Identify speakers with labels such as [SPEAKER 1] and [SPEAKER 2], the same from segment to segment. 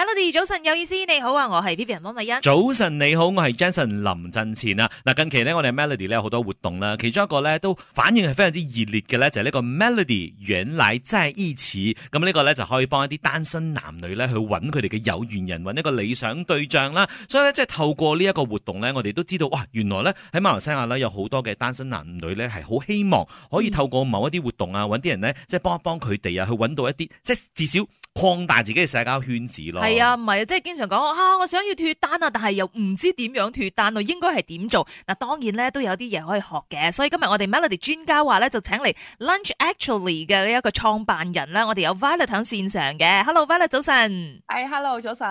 [SPEAKER 1] Melody，早晨有意思，你好啊，我係 Vivian
[SPEAKER 2] 早晨你好，我係 Jason 林振前啊。嗱近期呢，我哋 Melody 咧有好多活動啦，其中一個咧都反應係非常之熱烈嘅咧，就呢、是、個 Melody 原來即係以此咁呢、這個咧就可以幫一啲單身男女咧去揾佢哋嘅有緣人，揾一個理想對象啦。所以咧，即係透過呢一個活動咧，我哋都知道哇，原來咧喺馬來西亞咧有好多嘅單身男女咧係好希望可以透過某一啲活動啊，揾啲、嗯、人咧即係幫一幫佢哋啊，去揾到一啲即係至少。擴大自己嘅社交圈子咯，係啊，
[SPEAKER 1] 唔係啊，即係經常講啊，我想要脱單啊，但係又唔知點樣脱單啊，應該係點做嗱？當然咧都有啲嘢可以學嘅，所以今日我哋 Melody 專家話咧就請嚟 Lunch Actually 嘅呢一個創辦人啦，我哋有 Violet 響線上嘅，Hello Violet 早晨，係、hey,
[SPEAKER 3] Hello 早晨。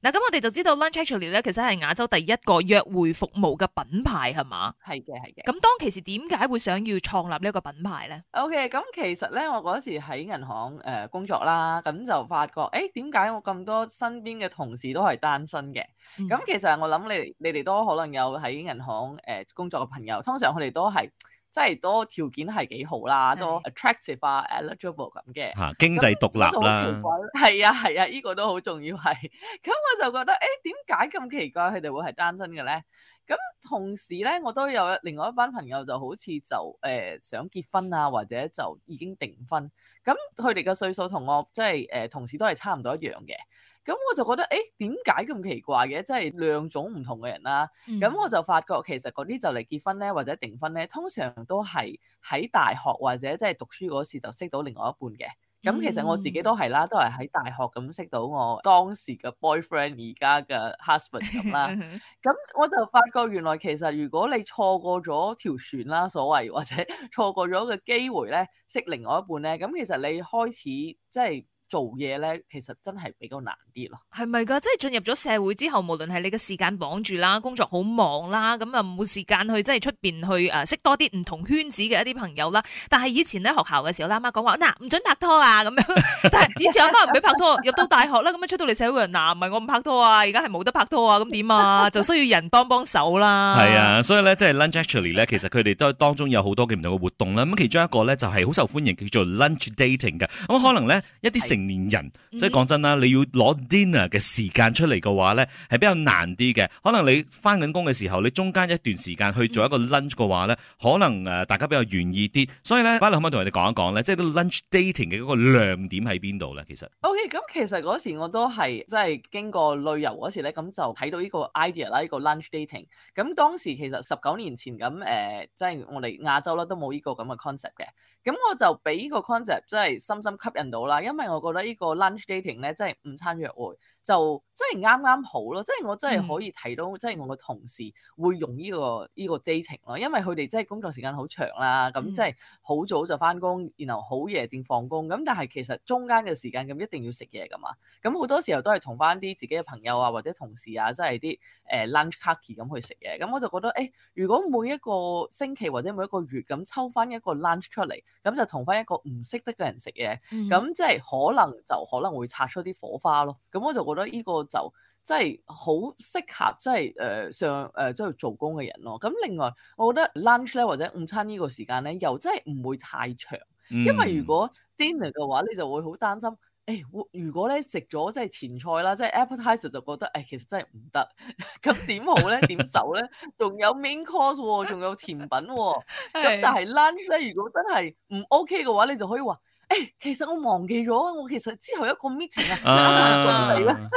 [SPEAKER 1] 嗱咁我哋就知道 Lunch Actually 咧其實係亞洲第一個約會服務嘅品牌係嘛？係嘅係嘅。咁當其時點解會想要創立呢一個品牌咧
[SPEAKER 3] ？OK，咁其實咧我嗰時喺銀行誒、呃、工作啦，咁就。我發覺，誒點解我咁多身邊嘅同事都係單身嘅？咁、嗯、其實我諗你你哋都可能有喺銀行誒、呃、工作嘅朋友，通常佢哋都係。即係多條件係幾好啦，的多 attractive eligible 啊，eligible 咁嘅嚇
[SPEAKER 2] 經濟獨立啦，
[SPEAKER 3] 係啊係啊，呢、啊呢個都好重要係。咁 我就覺得，誒點解咁奇怪佢哋會係單身嘅咧？咁同時咧，我都有另外一班朋友就好似就誒、呃、想結婚啊，或者就已經訂婚。咁佢哋嘅歲數同我即係誒、呃、同時都係差唔多一樣嘅。咁我就覺得，誒點解咁奇怪嘅？即係兩種唔同嘅人啦。咁、嗯、我就發覺，其實嗰啲就嚟結婚咧，或者訂婚咧，通常都係喺大學或者即係讀書嗰時就識到另外一半嘅。咁、嗯、其實我自己都係啦，都係喺大學咁識到我當時嘅 boyfriend 而家嘅 husband 咁啦。咁 我就發覺，原來其實如果你錯過咗條船啦，所謂或者錯過咗個機會咧，識另外一半咧，咁其實你開始即係。做嘢咧，其實真係比較難啲
[SPEAKER 1] 咯。係咪噶？即係進入咗社會之後，無論係你嘅時間綁住啦，工作好忙啦，咁啊冇時間去即係出邊去誒、啊、識多啲唔同圈子嘅一啲朋友啦。但係以前咧，學校嘅時候，阿媽講話嗱，唔准拍拖啊咁樣。但係以前阿媽唔俾拍拖， 入到大學啦，咁樣出到嚟社會人，嗱唔係我唔拍拖啊，而家係冇得拍拖啊，咁點啊？就需要人幫幫手啦。係啊，
[SPEAKER 2] 所以咧即係 lunch actually 咧，其實佢哋都當中有好多嘅唔同嘅活動啦。咁其中一個咧就係好受歡迎叫做 lunch dating 嘅。咁可能咧一啲成成年人即係講真啦，你要攞 dinner 嘅時間出嚟嘅話咧，係比較難啲嘅。可能你翻緊工嘅時候，你中間一段時間去做一個 lunch 嘅話咧，可能誒大家比較願意啲。所以咧，可唔可以同我哋講一講咧，即係個 lunch dating 嘅嗰個亮點喺邊度咧？其實
[SPEAKER 3] ，O K，咁其實嗰時我都係即係經過旅遊嗰時咧，咁就睇到呢個 idea 啦，呢個 lunch dating。咁當時其實十九年前咁誒，即係、呃、我哋亞洲啦都冇呢個咁嘅 concept 嘅。咁我就俾個 concept 真係深深吸引到啦，因為我覺得呢個 lunch dating 咧，真係午餐約會餐約。就真係啱啱好咯，即係我真係可以睇到，即係、嗯、我個同事會用呢個呢個 dating 咯，因為佢哋真係工作時間好長啦，咁即係好早就翻工，然後好夜先放工，咁但係其實中間嘅時間咁一定要食嘢噶嘛，咁好多時候都係同翻啲自己嘅朋友啊或者同事啊，即係啲誒 lunch caki 咁去食嘢，咁我就覺得誒、哎，如果每一個星期或者每一個月咁抽翻一個 lunch 出嚟，咁就同翻一個唔識得嘅人食嘢，咁即係可能就可能會擦出啲火花咯，咁我就。我覺得呢個就真係好適合，即係誒上誒即係做工嘅人咯。咁另外，我覺得 lunch 咧或者午餐呢個時間咧，又真係唔會太長，因為如果 dinner 嘅話，你就會好擔心。誒、哎，如果咧食咗即係前菜啦，即係 appetizer 就覺得誒、哎、其實真係唔得。咁 點、嗯、好咧？點走咧？仲 有 main course 喎，仲有甜品喎。咁、嗯、 但係 lunch 咧，如果真係唔 OK 嘅話，你就可以話。誒，其實我忘記咗，我其實之後一個 meeting 啊，仲嚟啦，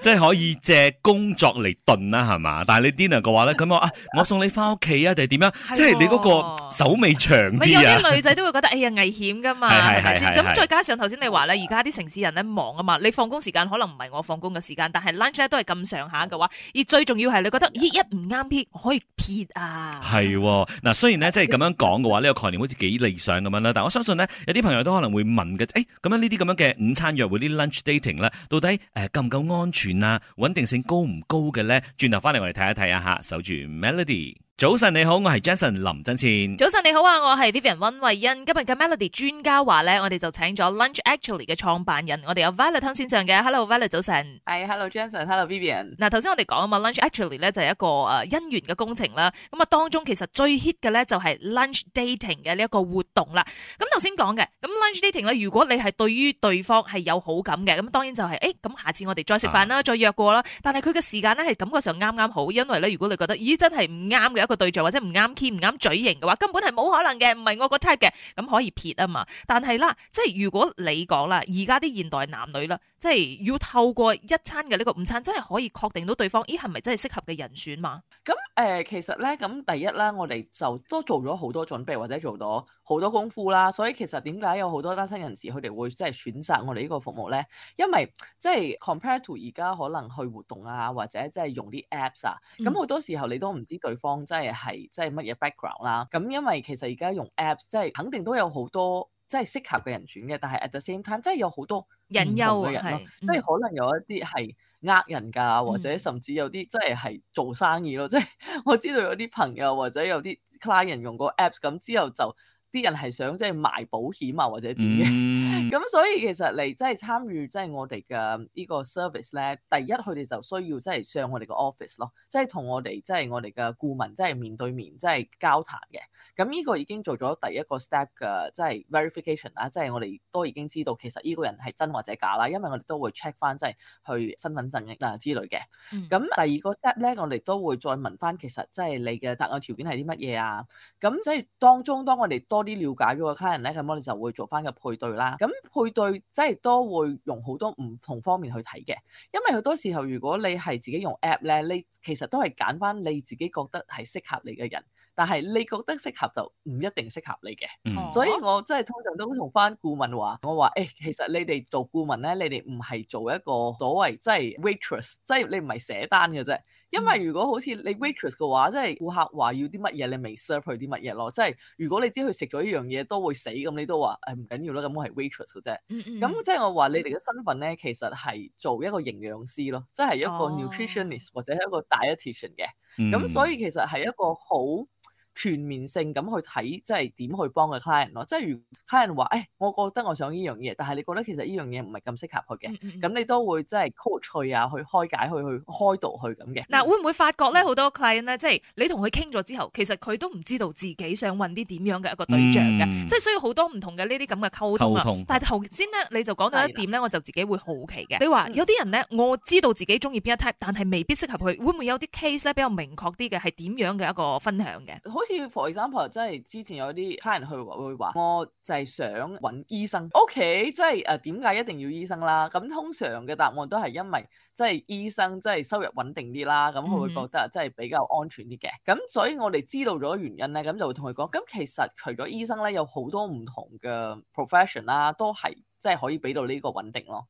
[SPEAKER 2] 即係可以借工作嚟燉啦，係嘛？但係你 dinner 嘅話咧，咁我啊，我送你翻屋企啊，定係點樣？即係你嗰個手尾長，有啲女
[SPEAKER 1] 仔都會覺得，哎呀危險噶嘛，係係係，咁再加上頭先你話咧，而家啲城市人咧忙啊嘛，你放工時間可能唔係我放工嘅時間，但係 lunch 咧都係咁上下嘅話，而最重要係你覺得撇一唔啱撇，可以撇啊！
[SPEAKER 2] 係嗱，雖然咧即係咁樣講嘅話，呢個概念好似幾理想咁樣啦，但相信咧，有啲朋友都可能會問嘅，誒、哎，咁樣呢啲咁樣嘅午餐約會，啲 lunch dating 咧，到底誒夠唔夠安全啊？穩定性高唔高嘅咧？轉頭翻嚟，我哋睇一睇一下，守住 Melody。早晨你好，我係 Jason 林振倩。
[SPEAKER 1] 早晨你好啊，我係 Vivian 溫慧欣。今日嘅 Melody 專家話咧，我哋就請咗 Lunch Actually 嘅創辦人，我哋有 Violet 喺線上嘅 Hello Violet，早晨。係 Hello Jason，Hello Vivian。嗱頭先我哋講啊嘛，Lunch Actually 咧就係一個誒姻緣嘅工程啦。咁啊當中其實最 hit 嘅咧就係 Lunch Dating 嘅呢一個活動啦。咁頭先講嘅咁 Lunch Dating 咧，ating，如果你係對於對方係有好感嘅，咁當然就係誒咁下次我哋再食飯啦，啊、再約過啦。但係佢嘅時間咧係感覺上啱啱好，因為咧如果你覺得咦真係唔啱嘅個對象或者唔啱 key 唔啱嘴型嘅話，根本係冇可能嘅，唔係我個 type 嘅，咁可以撇啊嘛。但係啦，即係如果你講啦，而家啲現代男女啦，即係要透過一餐嘅呢個午餐，真係可以確定到對方，咦係咪真係適合嘅人選嘛？
[SPEAKER 3] 咁誒、嗯，其實咧，咁第一啦，我哋就都做咗好多準備或者做咗好多功夫啦。所以其實點解有好多單身人士佢哋會即係選擇我哋呢個服務咧？因為即係 compare to 而家可能去活動啊，或者即係用啲 apps 啊，咁好多時候你都唔知對方。即係係即係乜嘢 background 啦，咁因為其實而家用 apps 即係肯定都有好多即係適合嘅人選嘅，但係 at the same time 即係有好多隱憂嘅人，即係可能有一啲係呃人㗎，嗯、或者甚至有啲即係係做生意咯，嗯、即係我知道有啲朋友或者有啲 client 用過 apps 咁之後就。啲人係想即係賣保險啊，或者點嘅，咁、mm hmm. 所以其實嚟即係參與即係我哋嘅呢個 service 咧，第一佢哋就需要即係上我哋嘅 office 咯，即係同我哋即係我哋嘅顧問即係面對面即係、就是、交談嘅。咁呢個已經做咗第一個 step 嘅，即係 verification 啦，即係我哋都已經知道其實呢個人係真或者假啦，因為我哋都會 check 翻即係去身份證啊之類嘅。咁、mm hmm. 第二個 step 咧，我哋都會再問翻其實即係你嘅答案條件係啲乜嘢啊？咁即係當中當我哋多。多啲了解嗰個客人咧，咁我哋就會做翻個配對啦。咁配對即係多會用好多唔同方面去睇嘅，因為好多時候如果你係自己用 app 咧，你其實都係揀翻你自己覺得係適合你嘅人。但係你覺得適合就唔一定適合你嘅，mm hmm. 所以我真係通常都同翻顧問話，我話誒、欸，其實你哋做顧問咧，你哋唔係做一個所謂即係 waitress，即係你唔係寫單嘅啫。因為如果好似你 waitress 嘅話，即係顧客話要啲乜嘢，你咪 serve 佢啲乜嘢咯。即係如果你知佢食咗一樣嘢都會死咁，你都話誒唔緊要啦。咁我係 waitress 嘅啫。咁、mm hmm. 即係我話你哋嘅身份咧，其實係做一個營養師咯，即係一個 nutritionist、oh. 或者一個 dietitian 嘅。咁、mm hmm. 所以其實係一個好全面性咁去睇，即係點去幫個 client 咯。即係如 client 話，誒、哎，我覺得我想呢樣嘢，但係你覺得其實呢樣嘢唔係咁適合佢嘅，咁、嗯嗯、你都會即係 coach 佢啊，去開解佢，去開導佢咁嘅。
[SPEAKER 1] 嗱、啊，會唔會發覺咧好多 client 咧，即係你同佢傾咗之後，其實佢都唔知道自己想揾啲點樣嘅一個對象嘅？嗯、即係需要好多唔同嘅呢啲咁嘅溝通啊。通但係頭先咧你就講到一點咧，的我就自己會好奇嘅。你話說、嗯、有啲人咧，我知道自己鍾意邊一 type，但係未必適合佢。會唔會有啲 case 咧比較明確啲嘅係點樣嘅一個分享嘅？
[SPEAKER 3] 好似 for example，即係之前有啲客人去會話，我就係想搵醫生。OK，即係誒點解一定要醫生啦？咁通常嘅答案都係因為即係醫生即係收入穩定啲啦，咁佢會覺得即係比較安全啲嘅。咁所以我哋知道咗原因咧，咁就會同佢講。咁其實除咗醫生咧，有好多唔同嘅 profession 啦，都係即係可以俾到呢個穩定咯。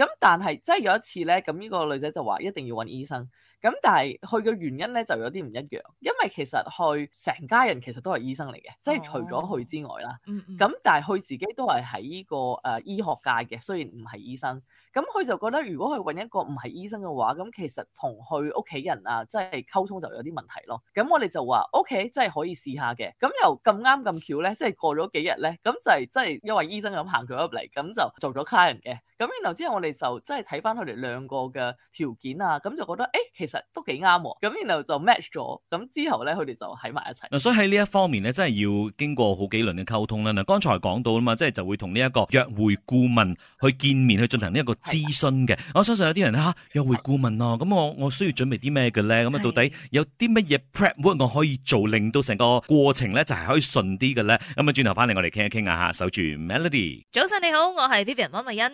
[SPEAKER 3] 咁但係即係有一次咧，咁、這、呢個女仔就話一定要揾醫生。咁但係去嘅原因咧就有啲唔一樣，因為其實佢成家人其實都係醫生嚟嘅，oh. 即係除咗佢之外啦。咁、oh. 嗯、但係佢自己都係喺呢個誒、呃、醫學界嘅，雖然唔係醫生。咁佢就覺得如果佢揾一個唔係醫生嘅話，咁其實同佢屋企人啊，即係溝通就有啲問題咯。咁我哋就話 O K，即係可以試下嘅。咁又咁啱咁巧咧，即係過咗幾日咧，咁就係、是、即係因為醫生咁行咗入嚟，咁就做咗卡人嘅。咁然後之後我哋。就真係睇翻佢哋兩個嘅條件啊，咁就覺得誒、欸，其實都幾啱咁，然後就 match 咗。咁之後咧，佢哋就喺埋一齊、啊。
[SPEAKER 2] 所以喺呢一方面咧，真係要經過好幾輪嘅溝通啦。嗱，剛才講到啦嘛，即係就會同呢一個約會顧問去見面，去進行呢一個諮詢嘅。啊、我相信有啲人咧吓、啊，約會顧問哦、啊，咁我我需要準備啲咩嘅咧？咁啊，到底有啲乜嘢 prep work 我可以做，令到成個過程咧就係、是、可以順啲嘅咧？咁啊，轉頭翻嚟我哋傾一傾啊吓，守住 Melody。
[SPEAKER 1] 早晨，你好，我係 Vivian 溫慧欣。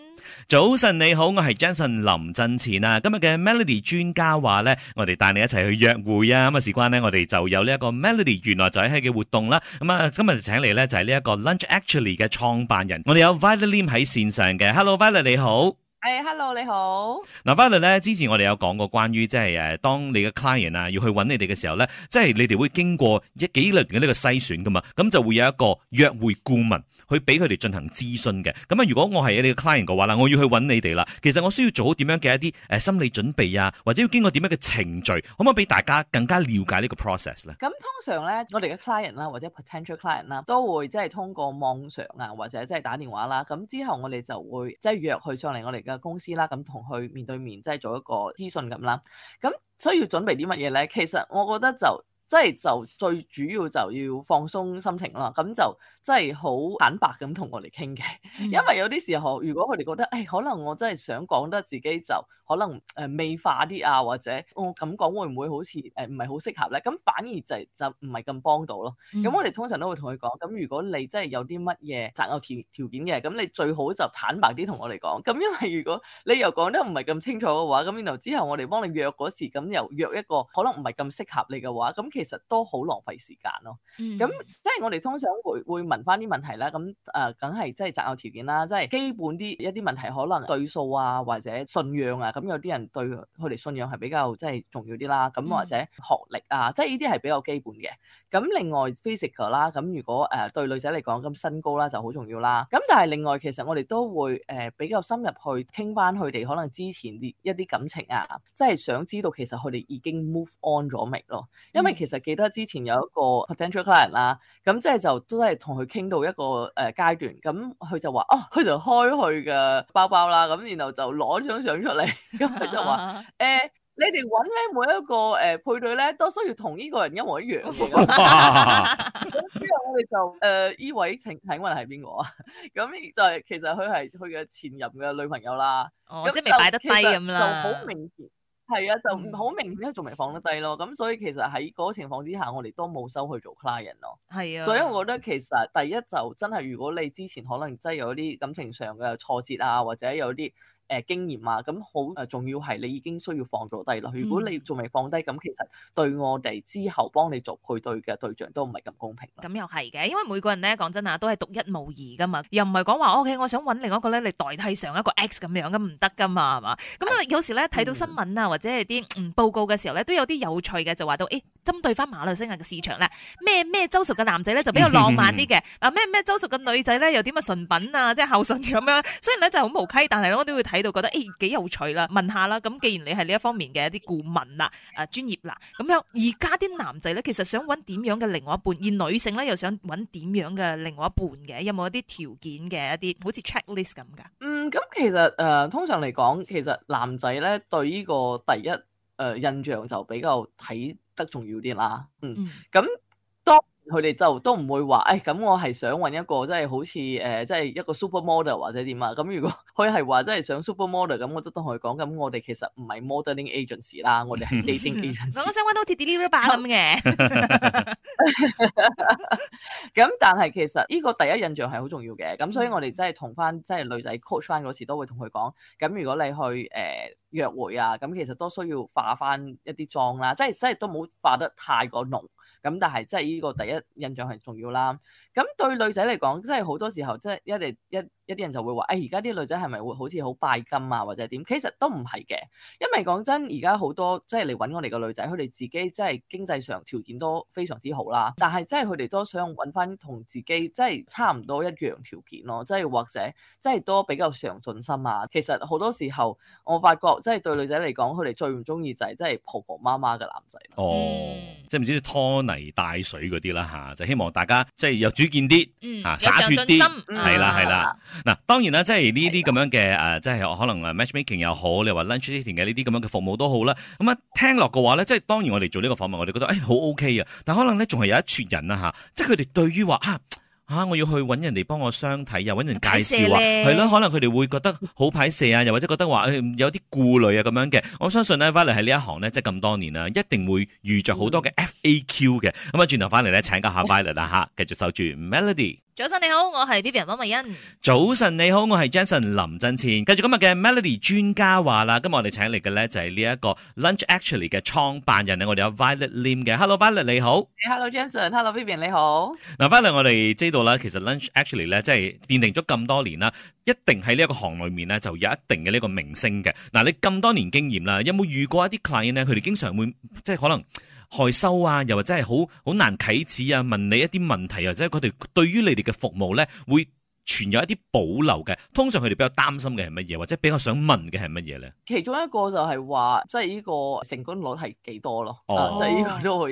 [SPEAKER 2] 早晨。你好，我係 Jensen 林振前啊！今日嘅 Melody 專家話咧，我哋帶你一齊去約會啊！咁啊，事關咧，我哋就有呢一個 Melody 原來就喺嘅活動啦。咁啊，今日請嚟咧就係呢一個 Lunch Actually 嘅創辦人，我哋有 Violet Lim 喺線上嘅。Hello Violet，你好。
[SPEAKER 3] Hey, hello 你好。
[SPEAKER 2] 嗱，返嚟咧，之前我哋有講過關於即係誒，當你嘅 client 啊，要去搵你哋嘅時候咧，即係你哋會經過一幾輪嘅呢個篩選噶嘛咁就會有一個約會顧問去俾佢哋進行諮詢嘅。咁啊，如果我係你哋嘅 client 嘅話啦，我要去搵你哋啦，其實我需要做好點樣嘅一啲誒心理準備啊，或者要經過點樣嘅程序，可唔可以俾大家更加了解呢個 process 咧？
[SPEAKER 3] 咁通常咧，我哋嘅 client 啦、啊，或者 potential client 啦、啊，都會即係通過網上啊，或者即係打電話啦、啊，咁之後我哋就會即係約佢上嚟我哋嘅。公司啦，咁同佢面對面，即係做一個諮詢咁啦。咁需要準備啲乜嘢咧？其實我覺得就。即係就最主要就要放鬆心情啦，咁就即係好坦白咁同我哋傾偈，mm hmm. 因為有啲時候，如果佢哋覺得誒、哎、可能我真係想講得自己就可能誒、呃、美化啲啊，或者我咁講會唔會好似誒唔係好適合咧？咁反而就就唔係咁幫到咯。咁、mm hmm. 我哋通常都會同佢講，咁如果你真係有啲乜嘢擇偶條條件嘅，咁你最好就坦白啲同我哋講。咁因為如果你又講得唔係咁清楚嘅話，咁然之後我哋幫你約嗰時，咁又約一個可能唔係咁適合你嘅話，咁。其實都好浪費時間咯。咁、嗯、即係我哋通常會會問翻啲問題啦。咁誒梗係即係擇偶條件啦，即係基本啲一啲問題可能對數啊，或者信仰啊。咁有啲人對佢哋信仰係比較即係重要啲啦。咁、嗯、或者學歷啊，即係呢啲係比較基本嘅。咁另外 physical 啦，咁如果誒、呃、對女仔嚟講，咁身高啦就好重要啦。咁但係另外，其實我哋都會誒、呃、比較深入去傾翻佢哋可能之前啲一啲感情啊，即係想知道其實佢哋已經 move on 咗未咯？因為其實、嗯其實記得之前有一個 potential client 啦，咁即係就都係同佢傾到一個誒階段，咁佢就話哦，佢就開佢嘅包包啦，咁然後就攞張相出嚟，咁佢就話誒、 欸，你哋揾咧每一個誒配對咧，都需要同呢個人一模一樣。咁之 後我哋就誒，呢、呃、位請請問係邊個啊？咁就係其實佢係佢嘅前任嘅女朋友啦。哦，即係未擺得低咁啦。就好明顯。係啊，就好明顯咧，仲未放得低咯。咁所以其實喺嗰個情況之下，我哋都冇收去做 client 咯。係啊，所以我覺得其實第一就真係，如果你之前可能真係有啲感情上嘅挫折啊，或者有啲。誒經驗啊，咁好誒，重要係你已經需要放咗低啦。如果你仲未放低，咁其實對我哋之後幫你做配對嘅對象都唔係咁公平。
[SPEAKER 1] 咁又係嘅，嗯嗯、因為每個人咧講真啊，都係獨一無二噶嘛，又唔係講話 O K，我想揾另一個咧你代替上一個 X 咁樣嘅，唔得噶嘛，係嘛？咁啊有時咧睇到新聞啊，或者係啲嗯報告嘅時候咧，都有啲有趣嘅，就話到誒針對翻馬來西亞嘅市場咧，咩咩周熟嘅男仔咧就比較，比較浪漫啲嘅， 啊咩咩周熟嘅女仔咧又點啊純品啊，即係孝順咁樣。雖然咧就好無稽，但係我都會睇。喺度覺得誒幾有趣啦，問下啦。咁既然你係呢一方面嘅一啲顧問啦，誒專業啦，咁樣而家啲男仔咧，其實想揾點樣嘅另外一半，而女性咧又想揾點樣嘅另外一半嘅，有冇一啲條件嘅一啲好似 checklist 咁噶？嗯，
[SPEAKER 3] 咁其實誒通常嚟講，其實男仔咧對呢個第一誒、呃、印象就比較睇得重要啲啦。嗯。咁、嗯。佢哋就都唔會話，誒、哎、咁我係想揾一個即係好似誒，即、呃、係一個 super model 或者點啊？咁如果佢係話即係想 super model，咁我都同佢講咁，我哋其實唔係 modeling agency 啦，我哋係 dating agency。
[SPEAKER 1] 我想揾到似迪麗熱巴咁嘅。
[SPEAKER 3] 咁
[SPEAKER 1] 但係其實呢個第一印
[SPEAKER 3] 象係好重要嘅，咁所以我哋真係同翻即係女仔 coach 翻嗰時都會同佢講，咁如果你去誒、呃、約會啊，咁其實都需要化翻一啲妝啦，即係即係都冇化得太過濃。咁但係真係呢個第一印象係重要啦。咁對女仔嚟講，真係好多時候真係一嚟一。一啲人就會話誒，而家啲女仔係咪會好似好拜金啊，或者點？其實都唔係嘅，因為講真，而家好多即係嚟揾我哋嘅女仔，佢哋自己即係經濟上條件都非常之好啦。但係即係佢哋都想揾返同自己即係差唔多一樣條件咯，即係或者即係都比較上進心啊。其實好多時候我發覺即係對女仔嚟講，佢哋最唔中意就係、是、即係婆婆媽媽嘅男仔。
[SPEAKER 2] 哦，嗯、即係唔知拖泥帶水嗰啲啦吓，就希望大家即係有主見啲，啊灑脱啲，係啦係啦。嗯嗱，當然啦，即係呢啲咁樣嘅誒、呃，即係可能 matchmaking 又好，你話 lunch dating 嘅呢啲咁樣嘅服務都好啦。咁、嗯、啊，聽落嘅話咧，即係當然我哋做呢個訪問，我哋覺得誒好、哎、OK 啊。但可能咧，仲係有一撮人啊。吓，即係佢哋對於話嚇嚇，我要去揾人哋幫我相睇啊，揾人介紹啊，係咯，可能佢哋會覺得好排斥啊，又或者覺得話、哎、有啲顧慮啊咁樣嘅。我相信咧，Violet 係呢 Viol 一行咧，即係咁多年啦，一定會遇着好多嘅 FAQ 嘅。咁、嗯、啊，轉頭返嚟咧，請教下 Violet 啦、啊、吓，繼續守住 Melody。
[SPEAKER 1] 早晨你好，我係 Vivian 汪慧欣。
[SPEAKER 2] 早晨你好，我係 Jenson 林振千。繼續今日嘅 Melody 專家話啦，今日我哋請嚟嘅咧就係呢一個 Lunch Actually 嘅創辦人咧，我哋有 Violet Lim 嘅。Hello Violet，你好。Hey,
[SPEAKER 3] hello Jenson，Hello Vivian 你好。
[SPEAKER 2] 嗱，Violet，我哋知道啦，其實 Lunch Actually 咧，即係奠定咗咁多年啦，一定喺呢一個行裏面咧就有一定嘅呢個名聲嘅。嗱，你咁多年經驗啦，有冇遇過一啲 client 咧？佢哋經常會即係可能。害羞啊，又或者係好好難啟齒啊，問你一啲問題，或者佢哋對於你哋嘅服務咧，會存有一啲保留嘅。通常佢哋比較擔心嘅係乜嘢，或者比較想問嘅係乜嘢咧？
[SPEAKER 3] 其中一個就係話，即係呢個成功率係幾多咯？Oh. 即係呢個都可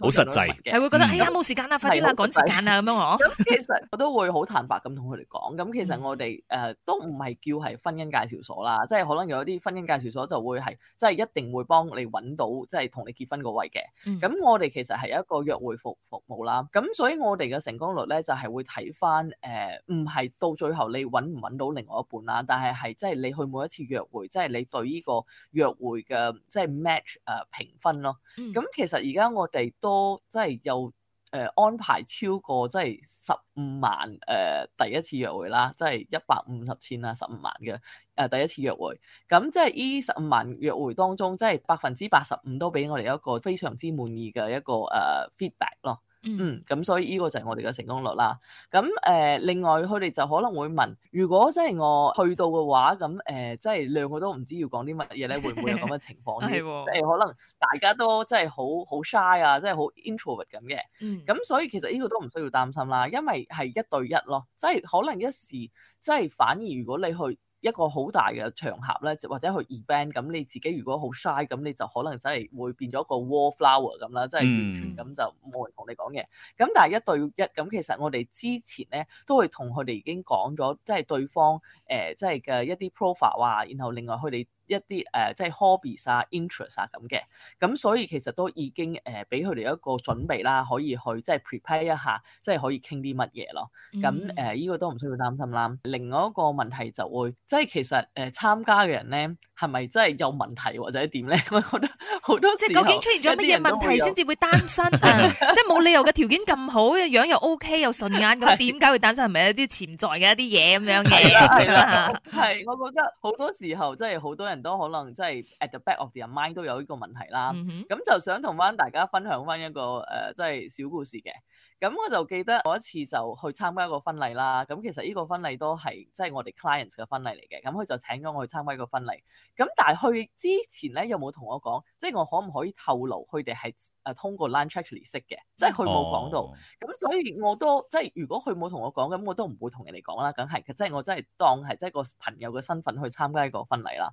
[SPEAKER 3] 好實際嘅，係會覺得、嗯、哎呀冇時間、啊、啦，快啲啦，趕時間啊咁樣我。咁 其實我都會好坦白咁同佢哋講，咁其實我哋誒、嗯呃、都唔係叫係婚姻介紹所啦，即、就、係、是、可能有一啲婚姻介紹所就會係即係一定會幫你揾到即係同你結婚嗰位嘅。咁、嗯、我哋其實係一個約會服服務啦，咁所以我哋嘅成功率咧就係、是、會睇翻誒，唔、呃、係到最後你揾唔揾到另外一半啦，但係係即係你去每一次約會，即、就、係、是、你對呢個約會嘅即係 match 誒、呃、評分咯。咁、嗯、其實而家我哋。都即係有誒、呃、安排超過即係十五萬誒、呃、第一次約會啦，即係一百五十千啦，十五萬嘅誒第一次約會。咁即係呢十五萬約會當中，即係百分之八十五都俾我哋一個非常之滿意嘅一個誒 feedback 咯。呃 feed Mm. 嗯，咁所以呢個就係我哋嘅成功率啦。咁誒、呃，另外佢哋就可能會問：如果即係我去到嘅話，咁誒，即、呃、係、就是、兩個都唔知要講啲乜嘢咧， 會唔會有咁嘅情況？係喎，誒，可能大家都即係好好 shy 啊，即、就、係、是、好 introvert 咁嘅。嗯，咁所以其實呢個都唔需要擔心啦，因為係一對一咯，即、就、係、是、可能一時即係、就是、反而如果你去，一個好大嘅場合咧，或者去 event 咁，你自己如果好 shy 咁，你就可能真係會變咗一個 wallflower 咁啦，即係完全咁就冇人同你講嘢。咁、嗯、但係一對一咁，其實我哋之前咧都會同佢哋已經講咗，即係對方誒即係嘅一啲 profile 啊，然後另外佢哋。一啲誒，即係 hobbies 啊、interest 啊咁嘅，咁所以其實都已經誒，俾佢哋一個準備啦，可以去即係 prepare 一下，即係可以傾啲乜嘢咯。咁誒，呢個都唔需要擔心啦。另外一個問題就會，即係其實誒參加嘅人咧，係咪真係有問題或者點咧？我覺得
[SPEAKER 1] 好多即係究竟出現咗乜嘢問題先至會單身啊？即係冇理由嘅條件咁好，樣又 OK 又順眼，咁點解會單身？係咪一啲潛在嘅一啲嘢咁樣嘅？係啦係
[SPEAKER 2] 啦，
[SPEAKER 3] 係我覺得好多時候即係好多人。都可能即係 at the back of the mind 都有呢個問題啦。咁、mm hmm. 就想同翻大家分享翻一個誒即係小故事嘅。咁我就記得我一次就去參加一個婚禮啦。咁其實呢個婚禮都係即係我哋 clients 嘅婚禮嚟嘅。咁佢就請咗我去參加一個婚禮。咁但係去之前咧，又有冇同我講？即、就、係、是、我可唔可以透露佢哋係誒通過 line check 嚟識嘅？即係佢冇講到。咁、哦、所以我都即係、就是、如果佢冇同我講，咁我都唔會同人哋講啦。梗係即係我真係當係即係個朋友嘅身份去參加一個婚禮啦。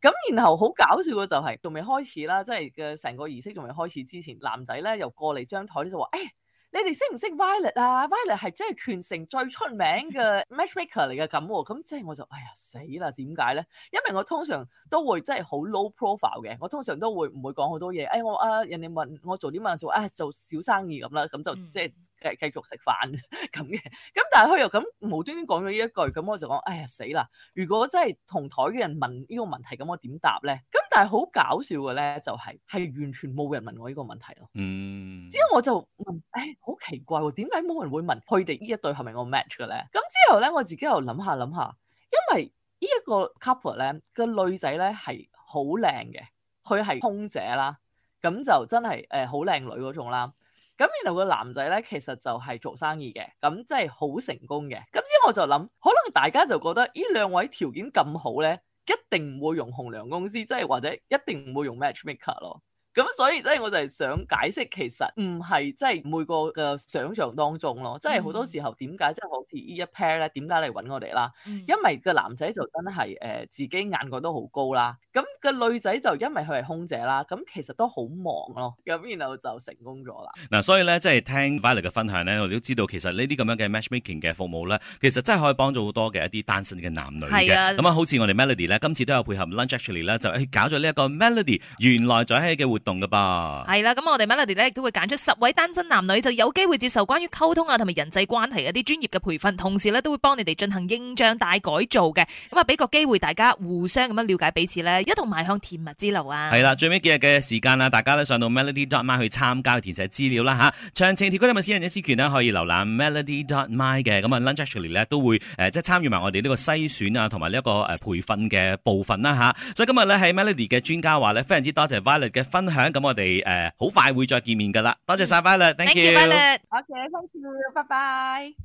[SPEAKER 3] 咁、嗯、然後好搞笑嘅就係仲未開始啦，即係嘅成個儀式仲未開始之前，男仔咧又過嚟張台就話誒。哎你哋識唔識 Violet 啊？Violet 係真係全城最出名嘅 matchmaker 嚟嘅咁喎，咁即係我就哎呀死啦！點解咧？因為我通常都會即係好 low profile 嘅，我通常都會唔會講好多嘢。誒、哎、我啊人哋問我做啲乜做啊做小生意咁啦，咁就即係繼續食飯咁嘅。咁但係佢又咁無端端講咗呢一句，咁我就講哎呀死啦！如果真係同台嘅人問呢個問題，咁我點答咧？但係好搞笑嘅咧，就是，就係係完全冇人問我呢個問題咯。
[SPEAKER 2] Mm.
[SPEAKER 3] 之後我就問，誒、哎，好奇怪，哦，點解冇人會問佢哋呢一對係咪我 match 嘅咧？咁之後咧，我自己又諗下諗下，因為呢一、個 couple 咧，個女仔咧係好靚嘅，佢係空姐啦，咁就真係誒好靚女嗰種啦。咁然後個男仔咧，其實就係做生意嘅，咁即係好成功嘅。咁之後我就諗，可能大家就覺得兩條呢兩位條件咁好咧。一定唔會用紅娘公司，即係或者一定唔會用 matchmaker 咯。咁所以即係我就係想解釋，其實唔係即係每個嘅想像當中咯。即係好多時候點解即係好似呢一 pair 咧，點解嚟揾我哋啦？嗯、因為個男仔就真係誒、呃、自己眼角都好高啦。咁個女仔就因為佢係空姐啦，咁其實都好忙咯，咁然後就成功咗啦。
[SPEAKER 2] 嗱、啊，所以咧，即、就、係、是、聽 Valerie 嘅分享咧，我哋都知道其實呢啲咁樣嘅 matchmaking 嘅服務咧，其實真係可以幫助好多嘅一啲單身嘅男女嘅。咁啊，好似我哋 Melody 咧，今次都有配合 Lunch Actually 咧，就搞咗呢一個 Melody 原來在喺嘅活動噶噃。
[SPEAKER 1] 係啦、啊，咁我哋 Melody 咧亦都會揀出十位單身男女，就有機會接受關於溝通啊同埋人際關係嗰啲專業嘅培訓，同時咧都會幫你哋進行形象大改造嘅，咁啊俾個機會大家互相咁樣了解彼此咧。一同邁向甜蜜之路啊！係
[SPEAKER 2] 啦，最尾幾日嘅時間啦，大家咧上到 melody dot my 去參加去填寫資料啦吓、啊，詳情條規同埋私人嘅私權呢、啊，可以瀏覽 melody dot my 嘅。咁啊，Lunch Actually 咧都會誒，即係參與埋我哋呢個篩選啊，同埋呢一個誒培訓嘅部分啦吓，所以今日咧喺 melody 嘅專家話咧，非常之多謝 Violet 嘅分享。咁我哋誒好快會再見面噶啦。多謝晒、嗯、Violet，Thank you，Violet，
[SPEAKER 3] 好嘅，Thank you，拜拜。